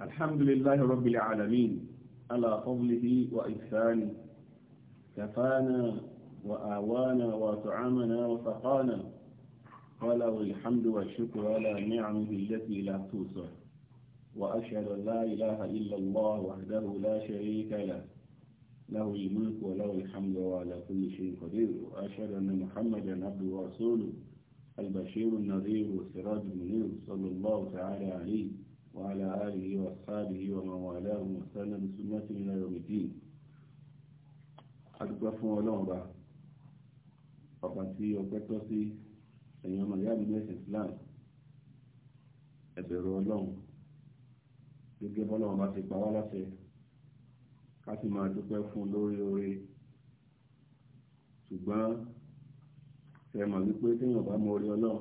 الحمد لله رب العالمين على فضله وإحسانه كفانا وآوانا وطعامنا وسقانا وله الحمد والشكر على نعمه التي لا توسع وأشهد أن لا إله إلا الله وحده لا شريك له له الملك وله الحمد وعلى كل شيء قدير وأشهد أن محمدا عبده ورسوله البشير النذير والسراج المنير صلى الله تعالى عليه وعلى آله وأصحابه ومن والاه وسلم بسنته إلى يوم الدين adúpẹ́ fún ọlọ́run bá ọ̀pá tí ọpẹ́ tọ́ sí ẹ̀yìn ọmọ ìyá mi mẹ́sìn Islam ẹ̀bẹ̀rù ọlọ́run gẹ́gẹ́ bọ́lọ́run bá ti pa wá láṣẹ ká sì máa dúpẹ́ fún lórí oore ṣùgbọ́n ṣe mọ̀ wípé téèyàn bá mọ orí ọlọ́run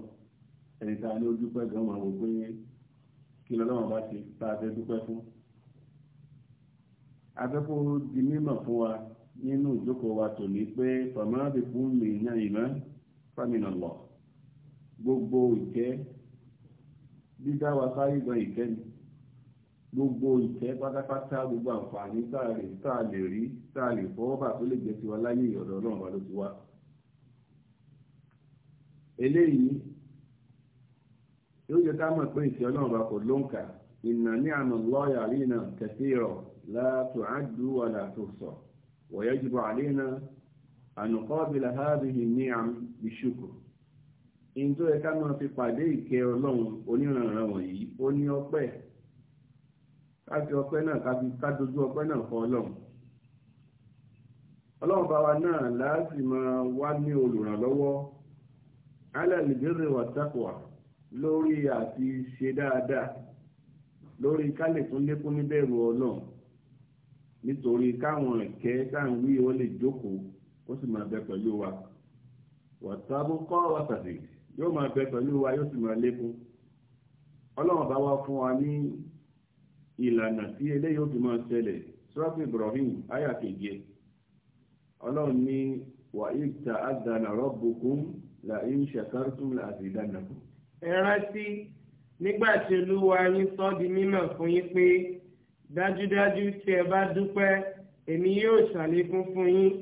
ẹni tá a ní ó dúpẹ́ gan máa wò pé kí lọ́lọ́wọ́n bá ṣe tá a fẹ́ dúpẹ́ fún. afẹ́kọ́ di mímọ̀ fún wa nínú ìjókòó wa tò ní pé fàmílàbí fún mi náà ìmọ̀ fámìnà lọ gbogbo ìkẹ́ dídá wa sáyé gan ìkẹ́ ni gbogbo ìtẹ́ pátápátá gbogbo àǹfààní tá a lè rí tá a lè fọwọ́ bà tó lè jẹ́ tiwa láyé ìyọ̀dọ̀ ọlọ́run wa ló ti wá. eléyìí yóò jẹ́ ká mọ̀ pé ìṣẹ́ ọlọ́run bá kò lóǹkà ìnà ní àmà lọ́ọ̀yà àríyìn náà kẹsí rọ̀ látò àdú wà látò sọ wọ̀yẹ́ jùbọ̀ àríyìn náà ànùkọ́bìlà hábìlì ní àmì bíṣùkù in tó yẹ ká máa fi pàdé ìkẹ́ ọlọ́run oníranran wọ̀nyí ó ní ọpẹ́ ká ọpẹ́ náà ká dojú ọpẹ́ náà kọ ọlọ́run ọlọ́run bá wa náà láti máa wá ní olùrànlọ́wọ́ alẹ́ lè wà tákùwà lórí àti ṣe dáadáa lórí ká lè tún lékún níbẹ̀rù ọlọ́run nítorí káwọn ẹ̀kẹ́ káwí ó lè jókòó ó sì máa bẹ pẹ̀lú wa wàtàbù kọ́ wàtàbì yóò máa bẹ pẹ̀lú wa yóò sì máa lékún ọlọ́run bá wá fún wa ní ìlànà tí eléyìí ó fi máa ṣẹlẹ̀ sọ́ọ́fì Ibrahim ayà keje ọlọ́run ní wàhíì ta àdánà rọ́bùkún là ń ṣàkárùtún àti ìdánakùn ẹ rántí nígbà tí olúwa yín sọ di mímọ̀ fún yín pé dájúdájú tí ẹ bá dúpẹ́ èmi yóò ṣàlékún fún yín.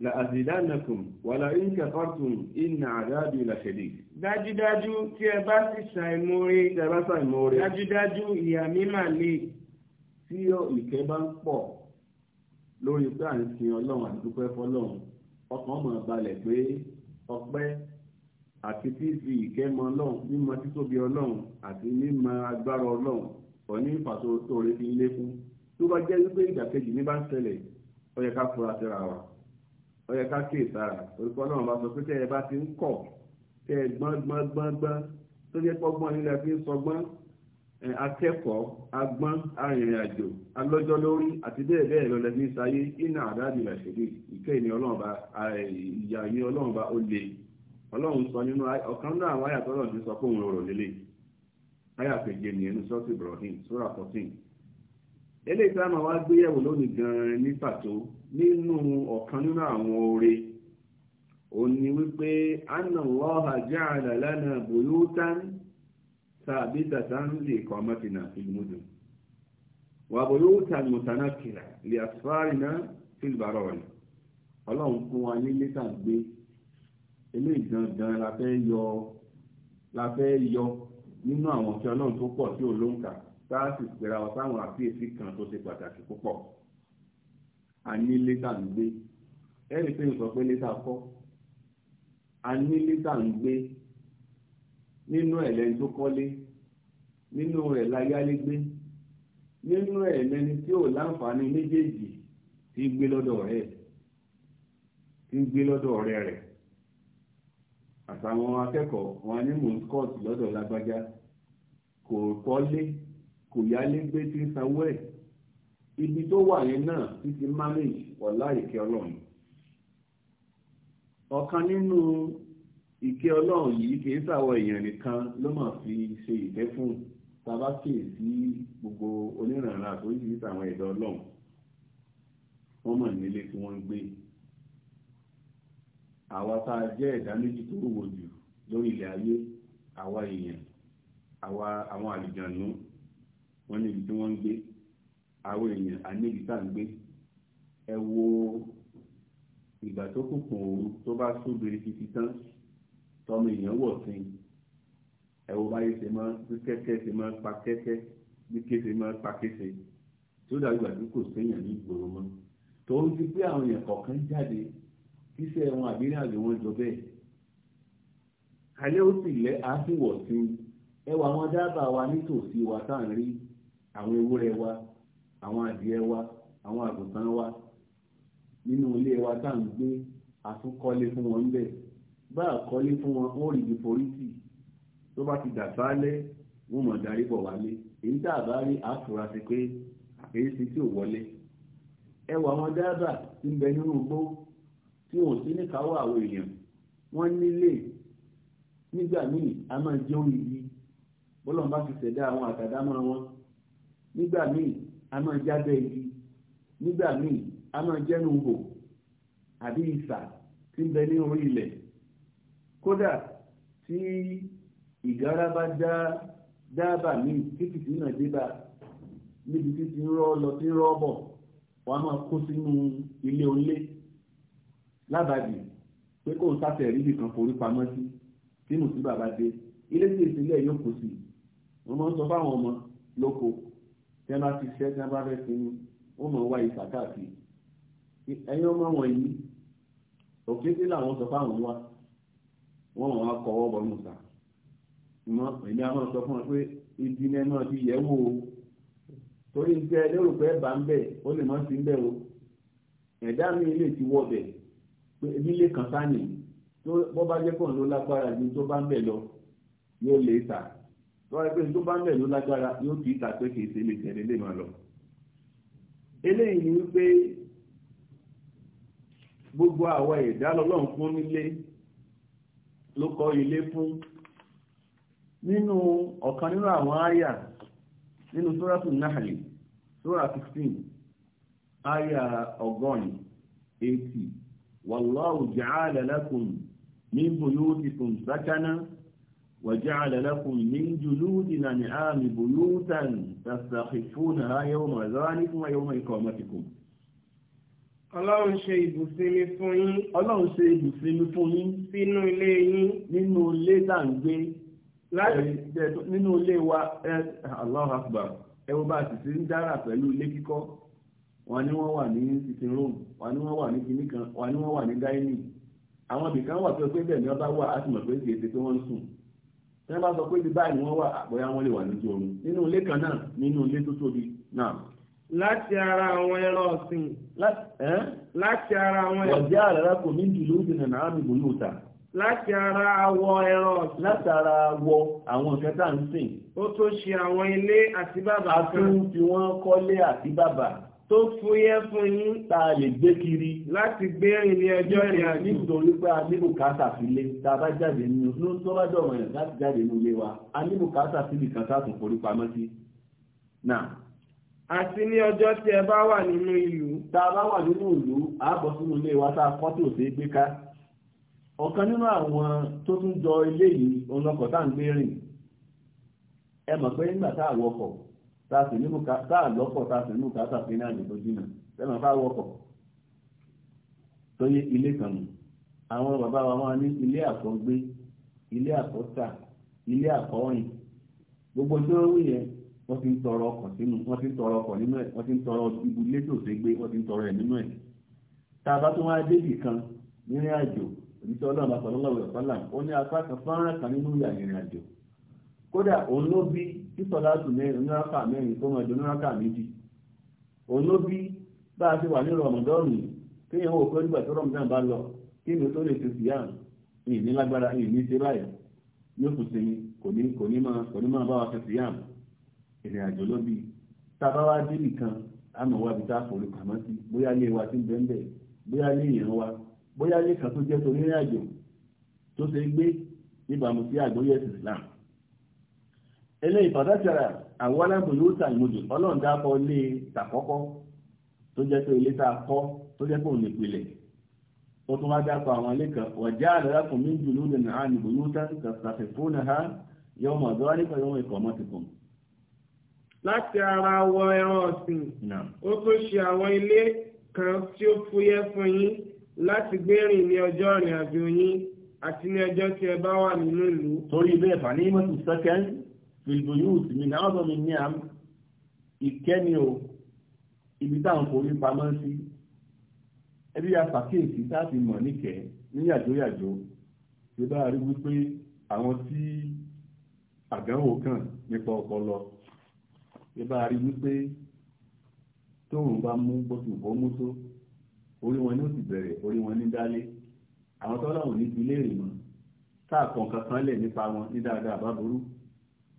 la azidannakum wàlá in kafartum inna àdáàbí làṣẹ̀dì. dájúdájú tí ẹ bá sì ṣàìmoore. tí ẹ bá ṣàìmoore. dájúdájú ìyà mi mà le. tí ìkẹ́ bá ń pọ̀ lórí pé à ń sin ọlọ́run àti dúpẹ́ fọlọ́run ọkàn mọ̀ balẹ̀ pé ọpẹ́ àti fífi ìkẹ́mọ ọlọ́run mímọ títóbi ọlọ́run àti mímọ agbára ọlọ́run ọ̀ní ìfàsótó rẹ fi ń lé fún tó bá jẹ́ wípé ìdàkejì ní bá ń ṣẹlẹ̀ ó yẹ ká fura síra wa ó yẹ ká kíyè sára orúkọ ọlọ́run bá sọ pé tẹ́ ẹ bá ti ń kọ̀ tẹ́ ẹ gbọ́n gbọ́n gbọ́n gbọ́n tó jẹ́ pọ́gbọ́n nílẹ̀ fi ń sọgbọ́n akẹ́kọ̀ọ́ agbọ́n arìnrìn-àjò alọ́jọ́ lórí àti bẹ́ẹ̀ bẹ́ẹ̀ lọ lẹ́ni sáyé iná àdáàbì làṣẹ́lẹ̀ ìkẹ́ ìní ọlọ́run bá ìyá ìní ọlọ́run bá ó le ọlọ́run sọ nínú ọ̀kan náà àwọn àyà tọ́lọ̀ ní sọ pé òun rọrọ̀ lélẹ̀ àyà keje ní ẹnu sọ́ọ̀tì Ibrahim sura fourteen eléyìí tá a máa wá gbéyẹ̀wò lónìí gan-an ní pàtó nínú ọ̀kan nínú àwọn oore òun ni wípé anna Allaha ja'ala lana buyutan sabitatan li iqamatina fil mudun wa buyutan mutanakkila li asfarina fil barawin ọlọ́run fún wa nílé tá gbé eléyìí gangan la fẹ́ yọ la fẹ́ yọ nínú àwọn tí ọlọ́run tó pọ̀ tí ò ló ń kà tá a sì pera wa sáwọn àkíyèsí kan tó ṣe pàtàkì púpọ̀ a ní lẹ́tà ń gbé ẹ̀rí pé n sọ pé lẹ́tà kọ́ a ní lẹ́tà ń gbé nínú ẹ̀ lẹ́ni tó kọ́lé nínú ẹ̀ láyálégbé nínú ẹ̀ lẹ́ni tí ò láǹfààní méjèèjì tí ń gbé lọ́dọ̀ rẹ̀ tí gbé lọ́dọ̀ ọ̀rẹ́ rẹ̀ àtàwọn akẹ́kọ̀ọ́ wọn ní monscott lọ́dọ̀ lágbájá kò kọ́lé kò yálé gbé tí ń sanwó ẹ̀ ibi tó wà yẹn náà ti ti manage ọ̀la ìkẹ́ ọlọ́run ọ̀kan nínú ìkẹ́ ọlọ́run yìí kì í sàwọ èèyàn nìkan ló máa fi ṣe ìfẹ́ fún sí gbogbo onírànlá tó yìí ẹ̀dọ́ ọlọ́run wọ́n mọ̀ nílé tí wọ́n ń gbé yìí àwa tá a jẹ́ ẹ̀dá méjì tó wò jù lórí ilẹ̀ ayé àwa èèyàn àwa àwọn àlùjànnú wọn níbi tí wọ́n ń gbé àwọn èèyàn àníbi tá à ń gbé ẹ wo ìgbà tó kùnkùn òru tó bá súbiri títí tán tọmọ èèyàn wọ̀ sí i ẹ wo báyìí ṣe máa bí kẹ́kẹ́ ṣe máa pa kẹ́kẹ́ bí kéṣe máa pa kéṣe tí dàgbà tí kò séèyàn ní ìgboro mọ́ tòun ti pé àwọn èèyàn kọ̀ọ̀kan jáde iṣẹ́ wọn àbí ìrìn àjò wọn jọ bẹ́ẹ̀ alẹ́ ó sì lẹ́ àásìwọ̀ sí ẹwà wọn dábàá wa nítòsí wa tá à ń rí àwọn ewúrẹ́ wa àwọn adìẹ wa àwọn àgùntàn wa nínú ilé wa tá à ń gbé àtúnkọ́lé fún wọn bẹ́ẹ̀ bá àkọ́lé fún wọn ó rí ìforítì tó bá ti dàgbálẹ̀ wọ́n mọ̀ darí bọ̀ wálé èyí tá a bá rí àfúrà pé èyí ti tí ò wọlé ẹwà wọn dábàá ti ń bẹ nínú igbó tí wọn ò sí ní káwọ́ àwọn èèyàn wọ́n nílé nígbà míì a máa jẹ́ òyìnbí bọ́lọ̀ bá ti ṣẹ̀dá àwọn àtàdámọ́ wọn nígbà míì a máa jábẹ́ igi nígbà míì a máa jẹ́nu hò àbí ìsà tí ń bẹ ní orí ilẹ̀ kódà tí ìgárá bá dá dáàbà míì títí náà débà níbi títí ń rọ́ lọ sí rọ́ọ̀bọ̀ wọ́n á máa kó sínú ilé onílé lábàdì pé kóun sáfẹ́ rí nìkan forí pamọ́ sí tí mùsùlùmí bá dé ilé tí ìsìnlẹ̀ yóò kó sí wọ́n máa ń sọ fáwọn ọmọ lóko tí wọ́n bá ti fẹ́ tí wọ́n bá fẹ́ sinmi wọ́n máa wá ìfà káàkiri ẹ̀yin ọmọ wọ̀nyí òkété làwọn sọ fáwọn wa wọ́n máa wá kọ́ ọ̀bọ̀ nùsà èmi àwọn sọ fún wọn pé ibi náà ti yẹ̀ wò ó torí ń tẹ́ lérò pé ẹ̀ bá ń bẹ̀ ó lè má sí ń bẹ̀ o ẹ̀dá mi lè ti wọ́ bẹ̀ pé nílé kan sáni tó bọ́ bá jẹ́ pọ̀n ló lágbára ju tó bá ń bẹ̀ lọ yóò lè tà tó wáyé pé tó bá ń bẹ̀ ló lágbára yóò kì í tà pé kì í ṣe lè tẹ̀lé lè máa lọ. eléyìí ni wípé gbogbo àwa ẹ̀dá lọ́lọ́run fún nílé ló kọ́ ilé fún nínú ọ̀kan nínú àwọn àyà nínú sóràtún náhàlì sórà 16 àyà ọgọ́rin 80 والله جعل لكم من بيوتكم سكنا وجعل لكم من جلود الأنعام بيوتا تستخفونها يوم ذلكم ويوم إقامتكم Ọlọ́run ṣe ibùsinmi fún yín. Ọlọ́run ṣe ibùsinmi fún yín. Sínú ilé yín. Nínú ilé tá ń gbé. Láti. Nínú ilé wa, Allahu Akbar, ẹ bá a ti ń dára pẹ̀lú ilé kíkọ́ wọn ni wọ́n wà ní sitting room wọn ni wọ́n wà ní kinní kan wọn ni wọ́n wà ní dining àwọn ibìkan wà tó pé bẹ́ẹ̀ ni wọ́n bá wà á sì mọ̀ pé kì í ṣe pé wọ́n ń sùn tí wọ́n bá sọ pé ibi báyìí ni wọ́n wà àgbọ̀yá wọn lè wà lójú oorun nínú ilé kan náà nínú ilé tó tóbi náà. láti ara àwọn ẹran ọ̀sìn. láti ara àwọn ẹran. ọ̀jẹ́ àràrà kò ní jùlọ ó dènà náà mi gbòòlù ta. láti ara awọ ẹran ọ̀sìn. láti ara awọ àwọn nǹkan tá à ń sìn. ó tó ṣe àwọn ilé àti bàbà kan. a tún fi wọ́n kọ́lé àti bàbà tó fúyẹ́ fún yín tá a lè gbé kiri láti gbé ilé ẹjọ́ rẹ̀ nítorí pé a ní bùkátà sílé tá a bá jáde nínú ló ń tó bá dọ̀mọ̀ yẹn láti jáde nínú ilé wa a ní bùkátà sílé kan sáàtún forí pamọ́ sí. àti ní ọjọ́ tí ẹ bá wà nínú ìlú. tá a bá wà nínú ìlú àbọ̀ sínú ilé wa tá a kọ́ tó ṣe é gbé ká. ọ̀kan nínú àwọn tó tún jọ ilé yìí òun lọkọ̀ tá à ń gbé rìn ẹ mọ̀ pé nígbà tààsì ní bùkátà lọ́pọ̀ tààsì ní bùkátà sí ní àjò tó jìnà tẹ́lọ̀ bá wọ́pọ̀ tó yé ilé kan nù àwọn bàbá wa máa ní ilé àkọ́gbé ilé àkọ́tà ilé àkọ́rin gbogbo tí wọ́n wí yẹn wọ́n ti ń tọrọ ọkọ̀ sínú wọ́n ti ń tọrọ ọkọ̀ nínú ẹ̀ wọ́n ti ń tọrọ ibùdó tó ṣe gbé wọ́n ti ń tọrọ ẹ̀ nínú ẹ̀ tá a bá tún wá débì kan nínú àjò òbí tí ọlọ́run bá sọ lọ́wọ́ ìrọ̀sọ́là ó ní apá kan fọ́nrán kan nínú kódà òun ló bí títọ́lá tù oníraka mẹ́rin tó mọ̀ méjì òun ló bí a ti wà ní rọmọdọ́ọ̀nù kéèyàn wò pé nígbà tó bá lọ kí ni tó lè ti sì lágbára ìní ṣe báyìí yóò kù sí ní kò ní máa kò ní máa bá wa ti sì ìrìn àjò ló bí tá a bá wá wa ti ń ilé ìfàdására àwọn alábòyúta ìmòjò ọlọ́run dákọ́ ilé tàkọ́kọ́ tó jẹ́ pé ilé tá a kọ́ tó jẹ́ pé òun ìpìlẹ̀ ó tún wá dákọ́ àwọn ilé kan wọ̀já àdára kùn mí jùlọ lè nà á nìbòyúta kàtàkì fún ha yọ ọmọ ọ̀dọ́ nípa yọ ikọ̀ ọmọ ti kùn. láti ara wọ ẹran ọ̀sìn ó tún ṣe àwọn ilé kan tí ó fúyẹ́ fún yín láti gbérìn ní ọjọ́ ìrìn àjò yín àti ní ọjọ́ tí ẹ bá wà nínú ìlú. torí bẹ́ẹ̀ fani mọ́tò sẹ́kẹ́ńd filibuyut mi ní àwọn ọmọ ní àm ìkẹ́ni o ibi táwọn kò rí pamọ́ sí ẹbí apàkíyèsí láti mọ̀ níkẹ́ ní yàjóyàjó tí ó bá rí wípé àwọn tí àdánwò kàn nípa ọpọlọ tí ó bá rí wípé tóun bá mú bọ́sùn kó mú tó orí wọn ní ó bẹ̀rẹ̀ orí wọn ní dálé àwọn tọ́lọ́run ní ti léèrè mọ́ táà kọ̀ọ̀kan kan lẹ̀ nípa wọn ní dáadáa bá burú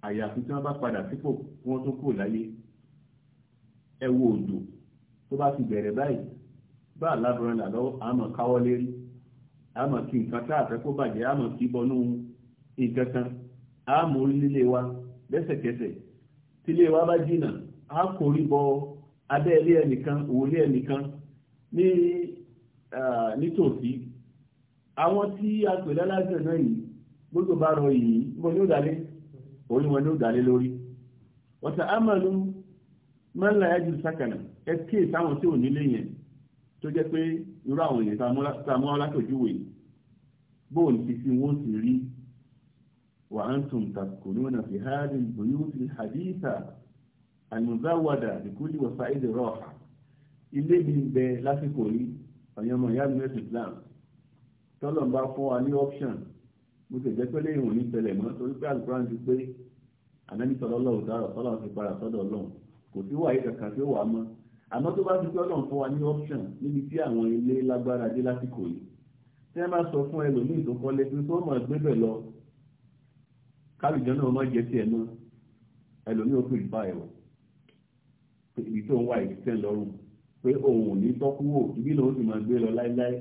àyàfi tí wọ́n bá padà sípò kí wọ́n tó kò láyé ẹ wo òjò tó bá ti bẹ̀rẹ̀ báyìí bá alábọ̀rẹ́là lọ́wọ́ àmọ̀ káwọ́ lérí àmọ̀ kí nǹkan tá àfẹ́ kó bàjẹ́ àmọ̀ kí bọnú nǹkan kan àmọ̀ orílẹ̀ wa lẹ́sẹ̀kẹsẹ̀ tílé wa bá jìnà á kórí bọ abẹ́ ilé ẹnìkan òwúlé ẹnìkan ní nítòsí àwọn tí a pè lálásẹ̀ náà yìí gbogbo bá rọ yìí mo ní ó dalé orí wọn ló dálé lórí wọ́tà ámàlú mẹ́lá ẹ̀jú sákànà ẹ kíyè sáwọn tí ò nílé yẹn tó jẹ́ pé irú àwọn èèyàn tá a mú alákòjúwe bóun ti fi wọ́n sì rí wà á ń tún tàkùnúnà fi hádì buyúti haditha àlùmùzáwàdà ìkúlì wọ̀sá ìdè rọ́ọ̀hà ilé mi ń bẹ lásìkò yìí ọ̀yọ́mọ̀ ìyá mi mẹ́sì tọ́lọ̀ ń bá fún wa ní option mo sì jẹ́ pẹ́lẹ́ ìwò ní tẹlẹ̀ mọ́ torí pé alukuran ti pé ànábì sọ̀rọ̀ ọlọ́run dára ọlọ́run ti para sọ́dọ̀ ọlọ́run kò sí wàyí kankan tí ó wà mọ́ àmọ́ tó bá ti pé ọlọ́run fún wa ní option níbi tí àwọn ilé lágbára dé lásìkò yìí tí wọ́n bá sọ fún ẹlòmíì tó kọ́lé tí tó mọ̀ gbé bẹ̀ lọ kálùjọ náà mọ̀ jẹ́ tiẹ̀ náà ẹlòmíì ó pèrè báyìí wọ̀ ibi tó ń wá ìdí tẹ́ lọ́rùn pé òun ò ní tọ́kú wò ibi lòun sì máa gbé lọ láéláé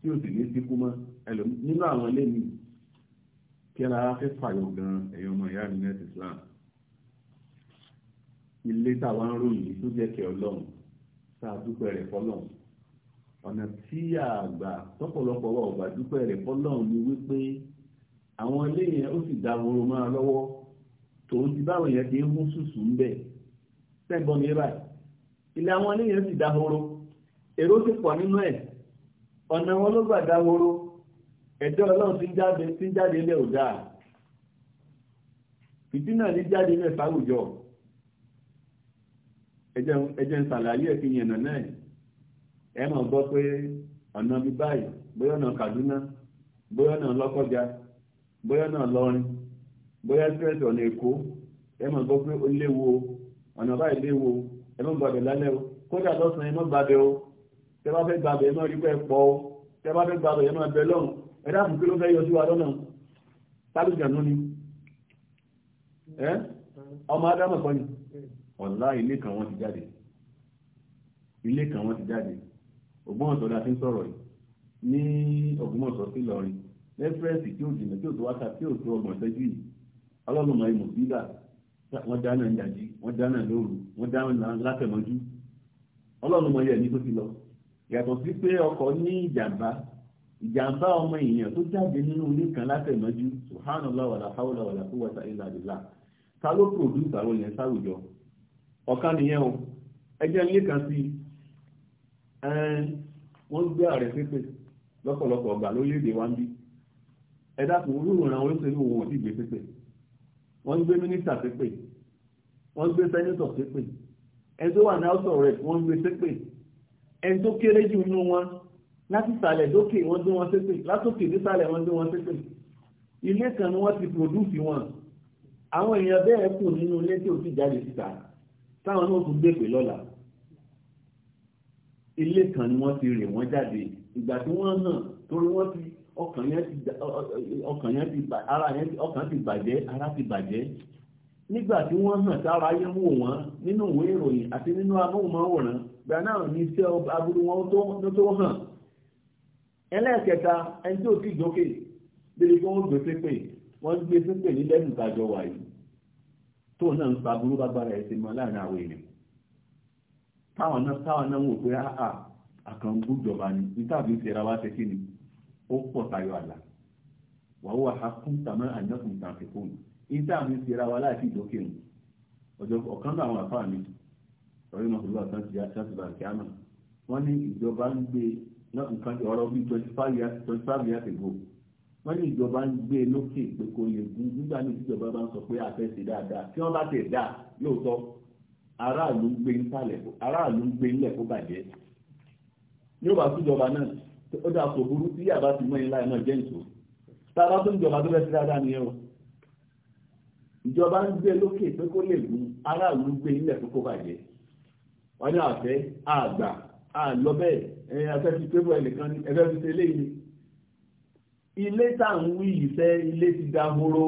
tí ò sì ní síkú mọ́ nínú àwọn ilé mi kí ẹ lára fẹ́ fàyọ gan ẹ̀yọ́ ọmọ ìyá ní net islam ilé táwa ń ròyìn tó jẹ́ kẹ́ ọlọ́run tá a dúpẹ́ rẹ̀ fọlọ́run ọ̀nà tí àgbà tọ́pọ̀lọpọ̀ wa ọ̀gbà dúpẹ́ rẹ̀ fọlọ́run ni wípé àwọn ilé yẹn ó sì dá horo máa lọ́wọ́ tòun ti báwọn yẹn ti ń hún sùsù ń bẹ̀ sẹ́gbọ́n mi báyìí ilé àwọn ilé yẹn sì dá horo èrò ti pọ̀ nínú ẹ̀ ọ̀nà wọn ló gbà dá ẹ̀jọ́ ọlọ́run ti ń jáde ti ń jáde ilẹ̀ ò dáa ìdí náà ní jáde ilẹ̀ sáwùjọ ẹjẹ́ ń ṣàlàyé ẹ̀fin yẹ̀nà náà ẹ mọ̀ gbọ́ pé ọ̀nà bí báyìí bóyá ọ̀nà Kaduna bóyá ọ̀nà Lọ́kọ́jà bóyá ọ̀nà Lọ́rin bóyá stress ọ̀nà Èkó ẹ mọ̀ gbọ́ pé ó léwu o ọ̀nà báyìí léwu o ẹ mọ̀ gbàgbé lálẹ́ o kódà lọ́sàn-án ẹ mọ̀ gbàgbé o tẹ bá fẹ́ gbàgbé ẹ mọ̀ rí pẹ́ pọ̀ o tẹ bá fẹ́ gbàgbé ẹ mọ̀ bẹ lọ́hùn ẹ̀dá àbùkú ló fẹ́ yọ sí wa lọ́nà tálùjànú ni ọmọ adámọ̀ kọ́ ni ọ̀la ilé kan wọ́n ti jáde ilé kan wọ́n ti jáde Ògbómọ̀ṣọ́ la ti ń sọ̀rọ̀ ní Ògbómọ̀ṣọ́ sí lọrin lẹ́fẹ̀rẹ́sì tí ó jìnà tí ó tó wákà tí ó tó ọgbọ̀n ṣẹ́jú yìí ọlọ́lọ́mọ imọ̀ bíbà wọ́n dáná ìyàjí wọ́n dáná lóru lọ yàtọ̀ sí pé ọkọ̀ ìjàmbá ọmọ èèyàn tó jáde nínú ilé kan látẹ̀mọ́jú subhanallah wàlá hawla wàlá quwwata illa billah ta ló pòdúsì àwọn èèyàn sáwùjọ ọ̀kan nìyẹn o ẹjẹ́ ilé kan sí wọ́n gbé ààrẹ pépè lọ́pọ̀lọpọ̀ ọgbà lórílẹ̀-èdè wa ń bí ẹ dákun olóòrán olóṣèlú òun òdì gbé pépè wọ́n gbé mínísítà pépè wọ́n gbé sẹ́nítọ̀ pépè ẹni tó wà ní áùsọ̀ rẹ̀ wọ́n gbé pépè ẹni tó kéré jù nínú wọn láti sàlẹ̀ lókè wọ́n gbé wọn sépè látòkè nísàlẹ̀ wọ́n gbé wọn sépè ilé kan ni wọ́n ti pòdúsì wọn àwọn èèyàn bẹ́ẹ̀ kù nínú ilé tí ò ti jáde síta táwọn náà tún gbèpè lọ́la ilé kan ni wọ́n ti rè wọ́n jáde ìgbà tí wọ́n nà torí wọ́n ti ọkàn yẹn ti ara yẹn ọkàn ti bàjẹ́ ara ti bàjẹ́ nígbà tí wọ́n hàn sára yẹn wò wọ́n nínú ìwé ìròyìn àti nínú amóhùnmáwòrán gbà náà ní iṣẹ́ aburú wọn tó hàn ẹlẹ́ẹ̀kẹta ẹni tí ò tí ìjókè débi kí wọ́n gbé pépè wọ́n gbé pépè ní lẹ́nu ìtajọ wà yìí tó náà ń pa burú bágbára ẹ̀ ti mọ láàrin àwọn èèyàn táwọn náà táwọn náà wò pé àà àkànkú jọba ni nítàbí ìṣẹ̀ra wá ṣe kí ni ó pọ̀ tayọ àlà wàá wà á kún tàmọ́ àjọkùn tàǹfẹ̀kùn nítàbí ìṣẹ̀ra wá láti ìjókè nù ọjọ́ ọ̀kan náà àwọn àfáà mi ọ̀rẹ́ náà nǹkan ti ọ̀rọ̀ bíi twenty five years twenty years ago wọ́n ní ìjọba ń gbé e lókè pé kò lè gún nígbà míì tíjọba bá ń sọ pé àfẹ́sẹ̀ dáadáa tí wọ́n bá tẹ̀ dá lóòótọ́ aráàlú ń gbé ńsàlẹ̀ aráàlú ń gbé ńlẹ̀ kó bàjẹ́ yóò bá síjọba náà ó dáa kò burú tí yàrá ti mọ́ ilá náà jẹ́ ìṣó tára tó ń jọba tó fẹ́ sí dáadáa nìyẹn o ìjọba ń gbé e lókè pé kó lè gún aráàlú ń gbé ńlẹ̀ kó bàjẹ́ wọ́n ní àfẹ́ àgbà àlọ́ afẹ́fi pébù ẹnìkan ní ẹfẹ́ fi tẹ́lẹ̀ yìí ilé tá ń wí ìfẹ́ ilé ti dahoro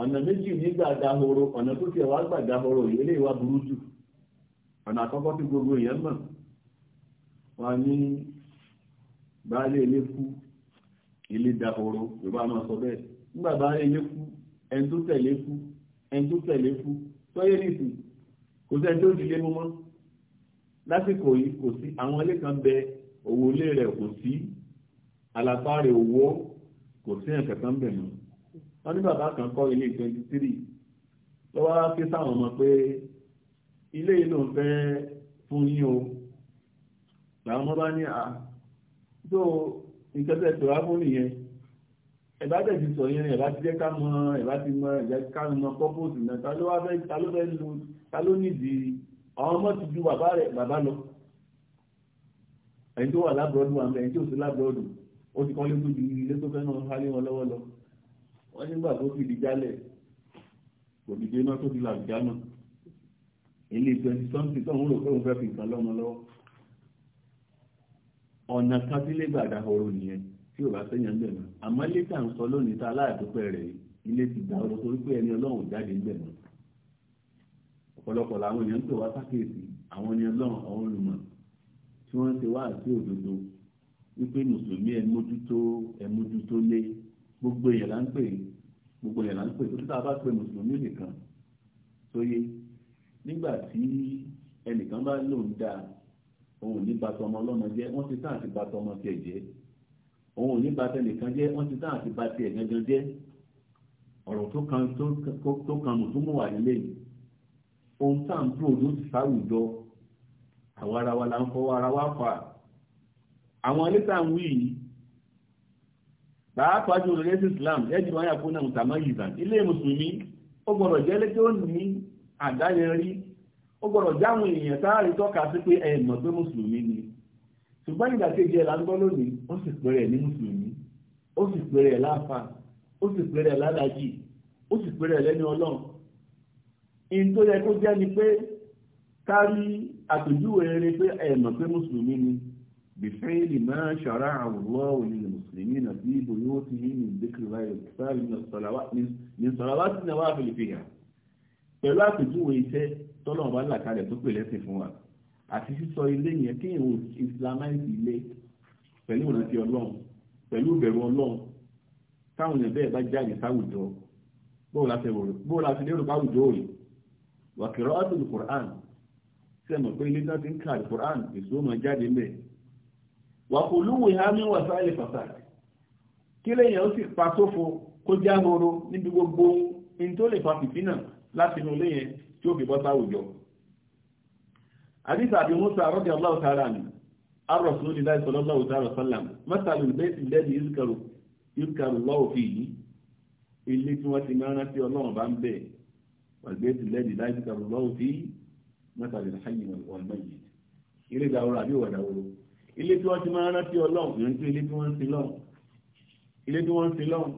ọ̀nà méjì nígbà dahoro ọ̀nà tó ti ẹ̀wà gbà dahoro yìí lè wá burú jù ọ̀nà àkọ́kọ́ tí gbogbo èèyàn mọ̀ wọ́n ní baálé ilé kú ilé dahoro yorùbá máa sọ bẹ́ẹ̀ nígbà baálé ilé kú ẹni tó tẹ̀lé kú ẹni tó tẹ̀lé kú sọ́yẹ́ nìsín kò sẹ́ni tó ti lé mú mọ́ lásìkò yìí kò sí àwọn ilé kan bẹ owó ilé rẹ̀ kò sí alápáre owó kò sí ẹ̀kẹ́ kan bẹ̀ mọ́ wọ́n ní bàbá kan kọ́ ilé twenty three lọ́wọ́ ké sáwọn ọmọ pé ilé yìí ló ń fẹ́ fún yín o làwọn ọmọ bá ní à tó nǹkan tẹ̀ tó wá fún nìyẹn ẹ̀bá tẹ̀ ti sọ yẹn ẹ̀bá ti jẹ́ ká mọ ẹ̀bá ti mọ ẹ̀jẹ̀ ká mọ pọ́pọ́sì náà ta ló wá fẹ́ ta ló fẹ́ lu ta ló nídìí àwọn ọmọ ti ju bàbá rẹ̀ bàbá lọ ẹni tó wà lábúrọ́dù wà mẹ́ ẹni tí ò sí lábúrọ́dù ó ti kán lé tó ju ilé tó fẹ́ náà hálé wọn lọ́wọ́ lọ wọ́n nígbà tó fi di jálẹ̀ kò náà tó fi là já náà ilé twenty something tó ń rò pé òun fẹ́ fi nǹkan lọ́mọ lọ́wọ́ ọ̀nà kásílégbàdà ọ̀rọ̀ nìyẹn tí ò bá sẹ́yìn ń bẹ̀ mọ́ àmọ́ ilé tà ń sọ lónìí tá aláàdúpẹ́ rẹ̀ ilé ti dà ọ́ lọ torí pé ọ̀pọ̀lọpọ̀ làwọn èèyàn ń pè wá sákèsì àwọn ni ọlọ́run àwọn olùmọ̀ tí wọ́n ń ṣe wá àti òdodo wípé mùsùlùmí ẹ mójútó ẹ mójútó lé gbogbo èèyàn là ń pè gbogbo èèyàn là ń pè tó tá a bá pe mùsùlùmí nìkan sóye nígbà tí ẹnìkan bá lòun dá òun ò ní ba tọmọ ọlọ́mọ jẹ́ wọ́n ti tán àti ba tọmọ tiẹ̀ jẹ́ òun ò ní ba tẹnìkan jẹ́ wọ́n ti tán àti ba tiẹ̀ gangan jẹ́ ọ̀rọ̀ tó kan tó kan mùsùlùmí wà nílé yìí ohun tá à ń produce fáwùjọ àwọn ara wa là ń fọwọ́ ara wa fà àwọn ilé tá à ń wí yìí pàápàá jù lórí ẹsẹ Islam ẹjì wọn yàgò náà mùtàmá yìzàn ilé mùsùlùmí ó gbọ́dọ̀ jẹ́ lé ó ní àdáyẹrí ó gbọ́dọ̀ jáwọn èèyàn sáárì tọ́ka sí pé ẹ pé mùsùlùmí ni ṣùgbọ́n ìdàkejì ẹ̀ là ń gbọ́ lónìí ó sì pèrè ní mùsùlùmí ó sì pèrè láàfà ó sì pèrè lálàjì ó sì pèrè lẹ́ni ọlọ́run in tó yẹ kó jẹ́ ni pé kárí àpèjúwe rere pé ẹ̀mọ̀ pé mùsùlùmí ni bìfẹ́ẹ̀lì máa ṣàrá àwòrán òní mùsùlùmí náà sí ibò yóò ti ní ìdíkìlá ìsáàlì ní sọ̀rọ̀wá sí náà wà fìlìfìyà pẹ̀lú àpèjúwe iṣẹ́ tọ́lọ̀ bá là kalẹ̀ tó pè lẹ́sìn fún wa àti sísọ ilé yẹn kí ìwò islamize ilé pẹ̀lú ìrántí ọlọ́run pẹ̀lú ìbẹ̀rù ọlọ́run táwọn èèyàn bẹ́ẹ̀ bá jáde sáwùjọ bóòlà ti lérò báwùjọ òyìn wa qira'atul Qur'an sẹ́mọ̀ pé ilé náà ti ń ka Qur'an èso máa jáde mẹ́ wà kò lúwẹ̀ ha ní wà sáyẹ̀ pàtàkì kí lẹ́yìn ó sì pa sófo kó já horo níbi gbogbo ohun tó lè fa fìtínà láti inú ilé tí ó fi bọ́ sáwùjọ àdìsá àbí Musa radiyallahu ta'ala anhu ar-rasulillahi sallallahu ta'ala sallam masalul bayti alladhi yuzkaru yuzkaru Allahu fihi ilé tí wọ́n ti máa rántí ọlọ́run bá ń bẹ̀ẹ́ والبيت الذي لا يذكر الله فيه مثل الحي والميت ilé ìdáwòrò àbí ìwà ìdáwòrò ilé tí wọ́n ti máa rántí ọlọ́run ìrántí ilé tí wọ́n ń sin lọ́run ilé tí wọ́n ń sin lọ́run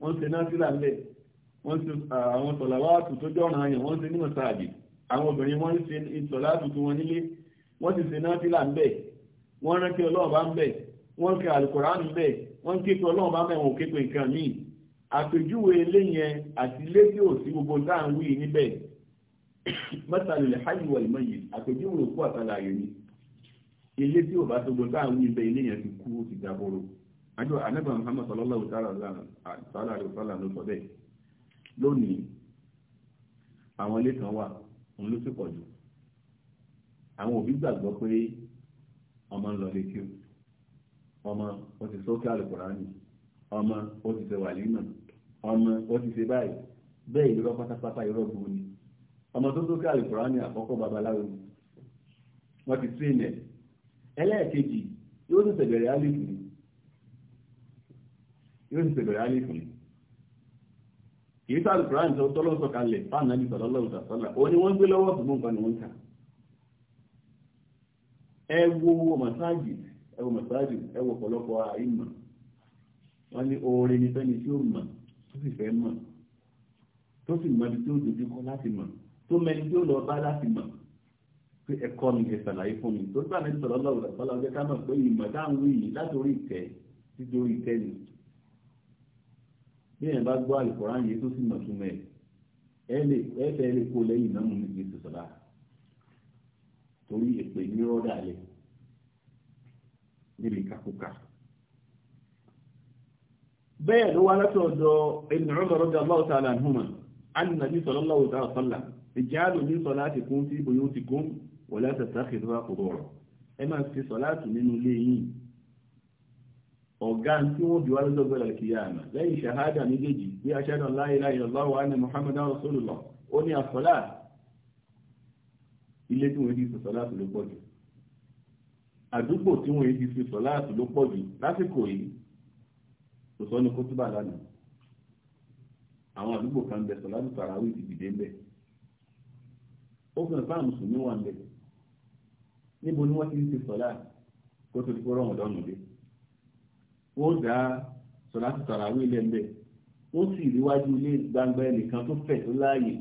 wọ́n ń sin násílà lẹ̀ wọ́n ń sin àwọn sọ̀làwátù tó jọ́ràn ayàn wọ́n ń sin ní mọ̀sáàjì àwọn obìnrin wọ́n ń sin ìsọ̀làtù tí wọ́n nílé wọ́n ti sin násílà ń bẹ̀ wọ́n rántí ọlọ́run bá ń bẹ̀ wọ́n ń kẹ àlùkùránì ń bẹ̀ wọ́n ń képe ọlọ́run bá ń bẹ̀ wọn ò képe nǹkan míì àpèjúwe ilé yẹn àti ilé tí ò sí gbogbo náà ń wí níbẹ̀ mẹ́tàlélẹ̀ hajj wà lẹ́mọ̀ yìí àpèjúwe òkú àtàlàyé ni ilé tí ò bá tó gbogbo náà ń wí níbẹ̀ ilé yẹn ti kú ti dàbọ̀rọ̀ àjọ anábà Muhammad sallallahu alaihi wasallam ló sọ bẹ́ẹ̀ lónìí àwọn ilé kan wà òun ló sì pọ̀ jù àwọn òbí gbàgbọ́ pé ọmọ ń lọ létí ọmọ ó ti sókè àlùkùránì ọmọ ó ti ṣe wàlímà ọmọ ó ti ṣe báyìí bẹ́ẹ̀ ìrọ́ pátápátá ìrọ́ bu ni ọmọ tó tó káàlì kùránì àkọ́kọ́ babaláwo ni wọ́n ti sí ilẹ̀ ẹlẹ́ẹ̀kejì yóò ti tẹ̀bẹ̀rẹ̀ álìfù ni yóò ti tẹ̀bẹ̀rẹ̀ álìfù ni kì í sáàlì kùránì tó tọ́lọ́ sọ̀kalẹ̀ fáànà ní sọ̀lọ́lọ́ ìtàsọ́là ó ní wọ́n gbé lọ́wọ́ fún nǹkan ni wọ́n kà ẹ wo mọ̀sáàjì ẹ wo mọ̀sáàjì ẹ wo ọ̀pọ̀lọpọ̀ àìmọ̀ wọ́n ní oore ni fẹ́ni tí ó mọ̀ tó sì fẹ́ mọ̀ tó sì mọ ibi tó dojú kọ láti mọ̀ tó mẹni tí ó lọ bá láti mọ̀ pé ẹ̀kọ́ mi lè ṣàlàyé fún mi tó gbà ní sọ̀rọ̀ lọ́wọ́ ìrọ̀lọ́ ọjọ́ ká mọ̀ pé ìmọ̀ dáhùn wí yìí látòrí ìtẹ́ títí orí ìtẹ́ ni bí èèyàn bá gbọ́ àlùkòrán yìí tó sì mọ̀ túmọ̀ ẹ̀ ẹ lè ẹ fẹ́ lè kó lẹ́yìn náà mú mi kì í torí èpè ní rọ́dà lẹ̀ níbi kakúkà bẹ́ẹ̀ ló wá látọ̀dọ̀ Ibn Umar radiyallahu ta'ala anhuma annabi sallallahu ta'ala sallam ij'alu min salatikum fi buyutikum wa la tattakhidhuha qubura ẹ máa fi sọ̀láàtù nínú ilé yìí ọ̀gá tí wọ́n bí wá lọ́jọ́ gbọ́dọ̀ kì í àmà lẹ́yìn ṣàhádà méjèèjì bí aṣáájú la ilaha illallah wa anna muhammadan rasulullah ó ní àsọ̀lá ilé ti sọ̀láàtù ló pọ̀ jù àdúgbò tí wọ́n ti sọ̀láàtù ló pọ̀ jù lásìkò yìí sọ̀tọ́ ní kótóbà lánàá àwọn àdúgbò kan bẹ̀ sọ̀lá tó tàràwì ti dìde ń bẹ̀ ó fi hàn mùsùlùmí wà ń bẹ̀ níbo ni wọ́n ti ń ti sọ̀lá kó tó ti kó rọ̀wọ̀n lọ́rùn dé wọ́n dá sọ̀lá tó tàràwì ilẹ̀ ń bẹ̀ wọ́n sì ríwájú ilé gbangba ẹnìkan tó fẹ̀ tó láàyè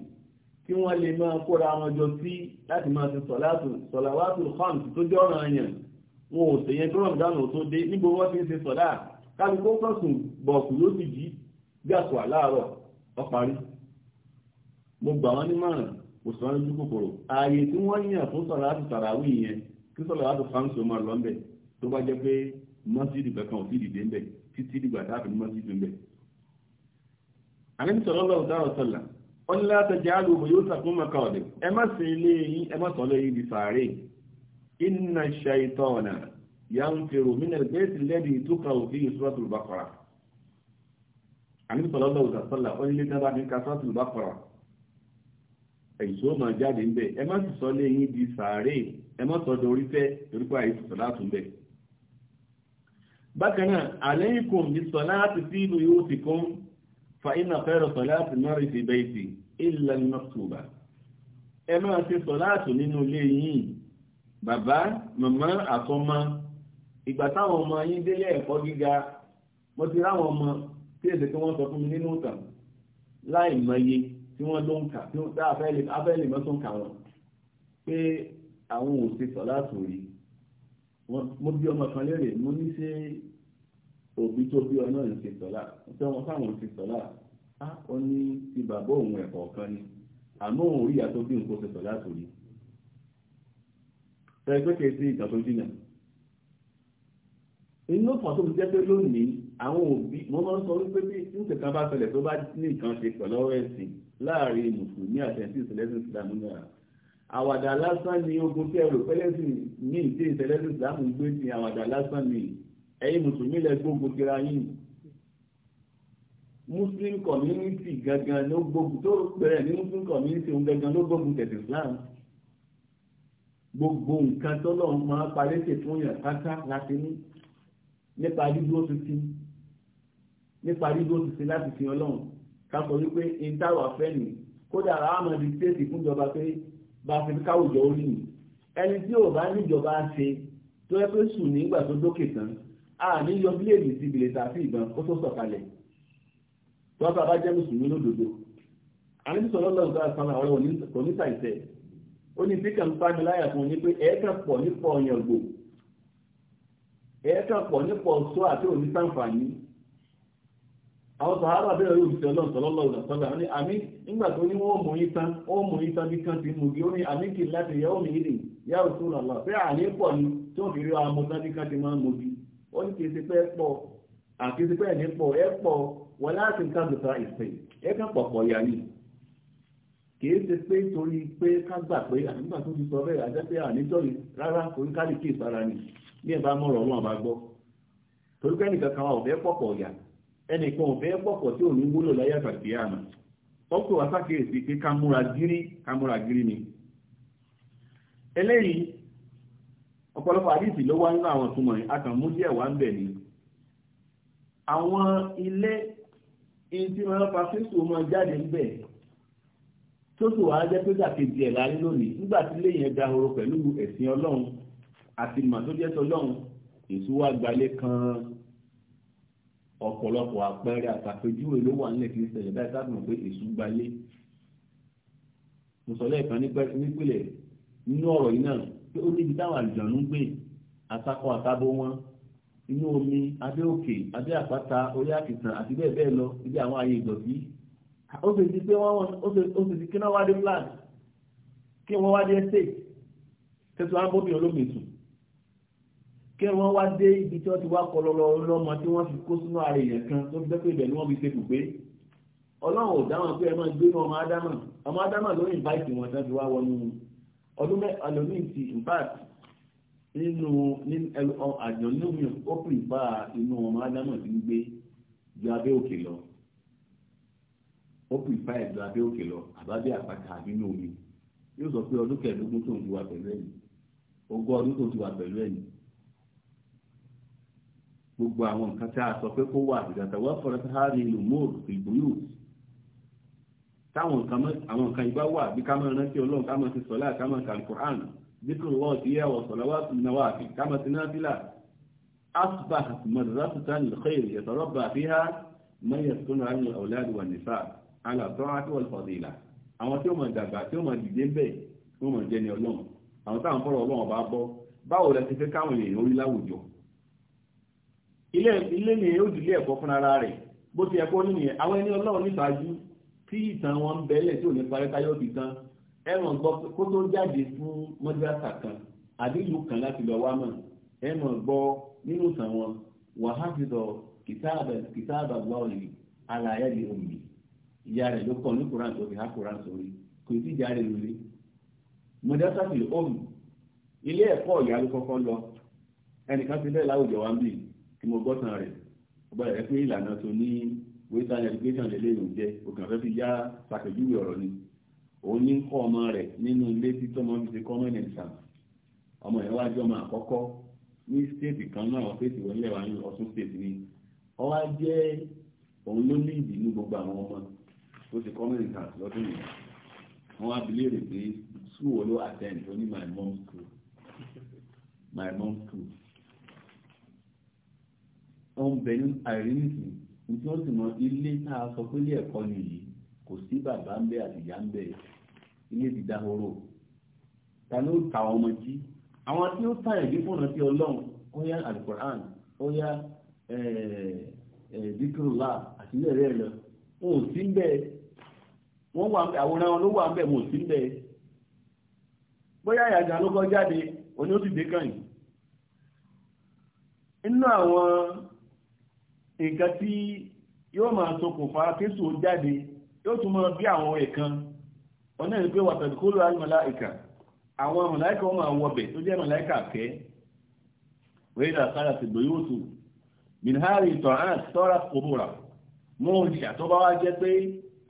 kí wọ́n lè máa kóra wọn jọ sí láti máa ti sọ̀lá wàásù khamsi tó jọ́ ọ̀ràn yẹn wọn ò sèyẹn tó rọ̀mùdánù tó dé níbo wọ́n ti ń ti sọ̀lá kálukó kan sùn bọ̀ọ̀kù ló sì jí bí àtùwà láàárọ̀ ọparí mo gbà wọ́n nímọ̀ràn kò sọ lójú kòkòrò ààyè tí wọ́n yàn fún sọ̀rọ̀ láti tàràwí yẹn kí sọ̀rọ̀ láti fáńsọ̀ máa lọ ńbẹ̀ tó bá jẹ́ pé mọ́sídìí kankan ò sí dìde ńbẹ̀ títí dìgbà tá a fi mọ́sídìí ńbẹ̀. àní sọ̀rọ̀ lọ́wọ́ dáhùn sọ̀là ó ní láti jẹ́ yóò sàkún mọ́ka ọ̀dẹ̀ ẹ má sin ilé yín ẹ má sọ lóyún ibi sàárè inna ṣaitọ́ọ̀nà yanfiru min al-bayt alladhi tuqra'u fihi suratul baqara ani sallallahu alaihi wasallam oni le tan ba ni ka suratul baqara èyí tó máa jáde ń bẹ ẹ má sì sọ léyìn di sàárè ẹ má sọ dorí fẹ torí pé àyè sọ láti ń bẹ. bákan náà alaykum bi salati fi buyutikum fa inna khayra salati al fi bayti illa al-maktuba. ẹ máa ṣe sọ láti nínú ilé yín bàbá màmá ìgbà táwọn ọmọ yín délé ẹ̀kọ́ gíga mo ti ráwọn ọmọ tí èdè tí wọ́n sọ fún mi nínú ìtàn láì mọye tí wọ́n ló ń kà tí wọ́n dá abẹ́lẹ̀ mọ́tò ń kà wọ́n pé àwọn ò ṣe sọ láti òrí mo bí ọmọ kan lérè mo ní ṣe òbí tó bí ọ̀nà ò ṣe sọ̀lá tí wọ́n sáwọn ò ṣe sọ̀lá ó ní ti bàbá òun ẹ̀kọ́ kan ni àmọ́ òun rí ìyá tó bí nǹkan ṣe é torí. sọ ẹgbẹ́ kejì ìgbà tó jìnnà inú kan tó jẹ́ pé lónìí àwọn òbí wọ́n máa ń sọ wípé bí nǹkan kan bá ṣẹlẹ̀ tó bá ní nǹkan ṣe pẹ̀lú ọ̀rọ̀ ẹ̀sìn láàrin mùsùlùmí àtẹ̀sí ìṣẹ̀lẹ̀sìn ìsìlámù náà àwàdà lásán ni ogun tí ẹrù pẹ́lẹ́sìn ní ìdí ìṣẹ̀lẹ̀sìn ìsìlámù gbé ti àwàdà lásán ni ẹ̀yin mùsùlùmí lẹ gbógun tira yín muslim community gangan ló gbógun tó bẹ̀rẹ̀ ní muslim community òun gangan ló gbógun tẹ̀sìn islam gbogbo nǹkan tọ́lọ́ máa parí ṣètúnyàn pátá láti ní nípa dídúró tuntun nípa dídúró tuntun láti fi ọlọ́run ká sọ wípé intawa fẹ́ nì kódà ráàmù di stéètì fúnjọba pé bá a fi fi káwùjọ orí nì ẹni tí ò bá níjọba ṣe tó yẹ pé sùn nígbà tó dókè tán àní yọ bíléèdì sí ìbìlẹ̀ tàbí ìbọn ó tó sọ̀kalẹ̀ wọ́n bá bá jẹ́ mùsùlùmí lódodo àní tí sọ̀rọ̀ lọ́wọ́ gbára sanra ọ̀rọ̀ kò ní sàìsẹ̀ ó ní bí kan pàmì láyà fún un ní pé ẹ̀ẹ́kàn pọ̀ nípa ọ̀yàn gbòò ẹ̀ẹ́kàn pọ̀ nípọ̀ sọ àti òní sàǹfààní àwọn sàárà bẹ̀rẹ̀ yóò fi ọlọ́run tọ́lọ́lọ́ ìdàtọ́lá ní àmì nígbà tó ní wọ́n mú yín tán mú yín bí kan ti mú bí ó ní àmì kì láti yẹ lọ́lọ́ pé àní pọ̀ ni tó fi rí ọmọ tán bí kan ti máa mú bí ó ní pọ̀ àti pọ̀ ẹ pọ̀ láti ń kájọta ẹ kàn pọ̀ ni ṣe pé torí pé ká gbà pé tó ti sọ bí ẹ bá mọ̀rọ̀ ọlọ́run bá gbọ́ torí pé ẹnìkan kan ọ̀bẹ pọ̀pọ̀ ọ̀yà ẹnìkan ọ̀bẹ pọ̀pọ̀ tí ò ní wúlò láyé àtàkì àmà ó pè wá sákèèsí pé ká múra gírí ká múra gírí ni eléyìí ọ̀pọ̀lọpọ̀ àdìsí ló wá nínú àwọn ìtumọ̀ yìí akànmú díẹ̀ wá ń bẹ̀ ni àwọn ilé ìtí wọn fa fíṣù wọn jáde ń bẹ̀ tó sì wá jẹ́ pé jàkejì ẹ̀ láyé lónìí nígbà tí ilé yẹn dahoro pẹ̀lú ẹ̀sìn ọlọ́run àti mà tó jẹ́ tọlọ́run èso wa gbalẹ̀ kan ọ̀pọ̀lọpọ̀ àpẹẹrẹ àtàpéjúwe ló wà nílẹ̀ kí n ṣẹlẹ̀ báyìí sábà mọ̀ pé èso gbalẹ̀ mùsọ̀lẹ́ ìkan nípìnlẹ̀ nínú ọ̀rọ̀ yìí náà pé ó níbi táwọn àlùjọ̀nù ń gbé àtakọ àtabo wọn inú omi abẹ́ òkè abẹ́ àpáta orí àkìtàn àti bẹ́ẹ̀ bẹ́ẹ̀ lọ ibi àwọn ààyè ìdọ̀tí ó sì di pé wọ́n ó sì di kí wọ́n wá dé flag kí wọ́n wá dé state tẹ́tù á bóbi olómi sùn kí wọ́n wá dé ibi tí wọ́n ti wá kọlọlọ ọlọ́mọ tí wọ́n fi kó sínú ààrẹ yẹn kan tó fi jẹ́ pé ibẹ̀ ni wọ́n fi ṣe bùgbé ọlọ́run ò dáwọn pé ẹ máa gbé ní ọmọ ádámà ọmọ ádámà ló ń invite wọn tán fi wá wọnú ọdún mẹ́ẹ̀lómìn ti invite nínú àjọ lómi ó pè bá inú ọmọ ádámà ti ń gbé ju abẹ́ òkè lọ ó pè bá ẹ̀ ju abẹ́ òkè lọ àbábẹ́ àpáta àbínú omi yóò sọ pé ọdún kẹẹ̀ẹ́dógún tó ń ti wà pẹ̀lú ẹ̀yìn ogún ọdún tó ń ti wà pẹ̀lú ẹ̀yìn gbogbo àwọn nǹkan tá a sọ pé kó wà ìdàtàwọ́ fọ́nrán sáárì ìlú mọ́ọ̀rù ìgbóyò táwọn nǹkan ìgbà wà bí ká máa rántí ọlọ́run ká máa ti sọ̀lá ká máa ka alukur'an díkùn lọ́ọ̀ sí yàwọ̀ sọ̀lá wà sí náwà àfi ká máa ti náfìlà asbah madrasa tan lukhair yatarabba fiha man yasunu an al-awlad wa nisa ala ta'ati wal fadila àwọn tí ó ilé ilé ni ó dìlé ẹ̀kọ́ fún ara rẹ̀ bó ti ẹ̀kọ́ nínú yẹn àwọn ẹni ọlọ́run tí ìtàn wọn ń bẹ́lẹ̀ tí ò ní parí káyọ̀ ti tán ẹ̀wọ̀n gbọ́ kan àbí ìlú kan láti lọ wá mọ̀ ẹ̀wọ̀n gbọ́ nínú ìtàn wọn omi ìyá rẹ̀ ló kọ́ ní koran ha koran sórí kò sí ìjà rẹ̀ lórí mọ́dúrásà omi ilé ẹ̀kọ́ ìyá kí mo gbọ́ tán rẹ̀ ọgbà rẹ̀ pé ìlànà tó ní western education lélẹ́yìn oúnjẹ òkè ọ̀fẹ́ fi yá ṣàpèjúwe ọ̀rọ̀ ni òun ní kọ́ ọmọ rẹ̀ nínú ilé tí tọ́mọ fi ṣe common exam ọmọ yẹn wájú ọmọ àkọ́kọ́ ní stéètì kan náà àwọn stéètì wọlé wa ní Ọ̀ṣun stéètì ni ọ wá jẹ́ òun ló ní ìdí ní gbogbo àwọn ọmọ tó ṣe common exam lọ́dún yìí wọ́n wá bilé rè pé school wo ló attend only my mom school my mom school ó ń bẹ ní àìríǹtì ní tí wọ́n sì mọ ilé tá a sọ pé ilé ẹ̀kọ́ nìyí kò sí bàbá ń bẹ àtìyá ń bẹ ilé ti dahoro ta ló ta ọmọ jí àwọn tí ó tààyè bí fún ọ̀nà tí ọlọ́run ó yá alukoran ó yá ẹ̀ẹ́dìkìrùlá àti ilé rẹ̀ lọ wọn ò sí ń wọ́n wà àwòrán wọn ló wà ń bẹ wọn ò sí ń bóyá àyàjà ló kọ́ jáde oní ó sì dé kàn yìí inú àwọn nǹkan tí yóò máa ṣokùnfà kéṣù ó jáde yóò tún máa bí àwọn ẹ̀kan ọ̀nà ìlú pé wàtàkì kó ló al-malaika àwọn màláìka wọn máa wọbẹ̀ tó jẹ́ màláìka àfẹ́ wẹ́ẹ́ dà sára ti gbòyó tù minhari ìtàn án sọ́ra kòbóra mọ́ òjìyà tó bá wá jẹ́ pé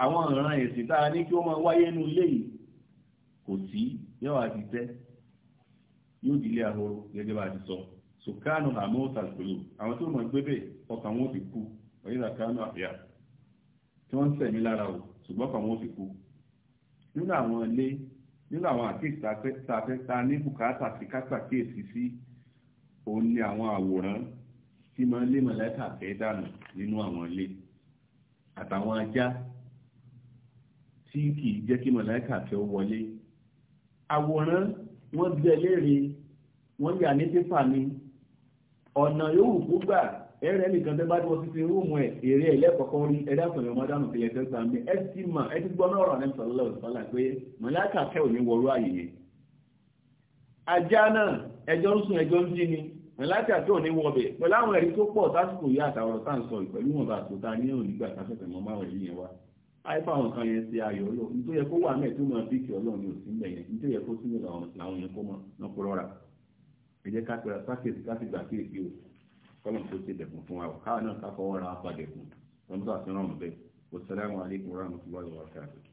àwọn ìran ẹ̀sìn tá ní kí wọ́n máa wáyé nínú ilé yìí kò sí yóò wá ti tẹ́ yóò dilé ahoro gẹ́gẹ́ bá ti sọ. So sùkánù àmóòtà ìpòlò àwọn tí ó mọ̀ gbébẹ̀ ọkàn wọn fi kú ọ̀yẹ́dà kánù àfíà tí wọ́n ń sẹ̀mí lára o ṣùgbọ́n ọkàn wọn fi kú nínú àwọn ilé nínú àwọn àkíyèsí tafẹ́ ta ní bùkátà sí kápá kíyèsí sí òun ni àwọn àwòrán tí máa ń lé mọ̀lẹ́kà fẹ́ dànù nínú àwọn ilé àtàwọn ajá tí kì í jẹ́ kí mọ̀lẹ́kà fẹ́ wọlé àwòrán wọ́n gbẹ́ léèrè wọ́n yà ní pépà ni ọ̀nà yóò kú gbà ẹ̀rẹ́ nìkan tẹ́ bá tí wọ́n ti fi rúùmù ẹ̀ èrè ẹ̀lẹ́kọ̀ọ́kọ́ rí ẹ̀dá pẹ̀lú ọmọ dánù fi ẹ̀sẹ̀ sàmì ẹ̀ ti mà ẹ̀ ti gbọ́n ọ̀rọ̀ ẹ̀sọ̀ lọ́sọ̀lá pé mọ̀láka fẹ́ òní wọ̀rú àyè ajá náà ẹjọ́ ń sùn ẹjọ́ ń jí ni mọ̀láka fẹ́ òní wọ̀bẹ̀ pẹ̀lú àwọn ẹ̀rí tó pọ̀ tásìkò yá àtàwọ̀rọ̀ tá ń sọ ìpẹ̀lú wọn bá tó ta ní òní gbà káfẹ́fẹ́ mọ́ máa wẹ̀lú yẹn wa àìfà àwọn kan yẹn ṣe ayọ̀ ọlọ́run tó yẹ kó wà mẹ́ẹ̀ tó máa bí kí ọlọ́run ò sí mẹ́yẹn tó yẹ kó sí mẹ́lẹ̀ àwọn yẹn kó mọ́ náà kó rọ́ra ẹjẹ́ ká pẹ̀lú sákèsì ká sì gbà kéèké o kọ́lọ̀ tó ṣe dẹ̀kùn fún wa o káwọn náà ká fọwọ́ ra apá dẹ̀kùn lọ́mọdé àti rán ọ̀bẹ wasalaamu alaykum wa rahmatulahi wa barakatuh.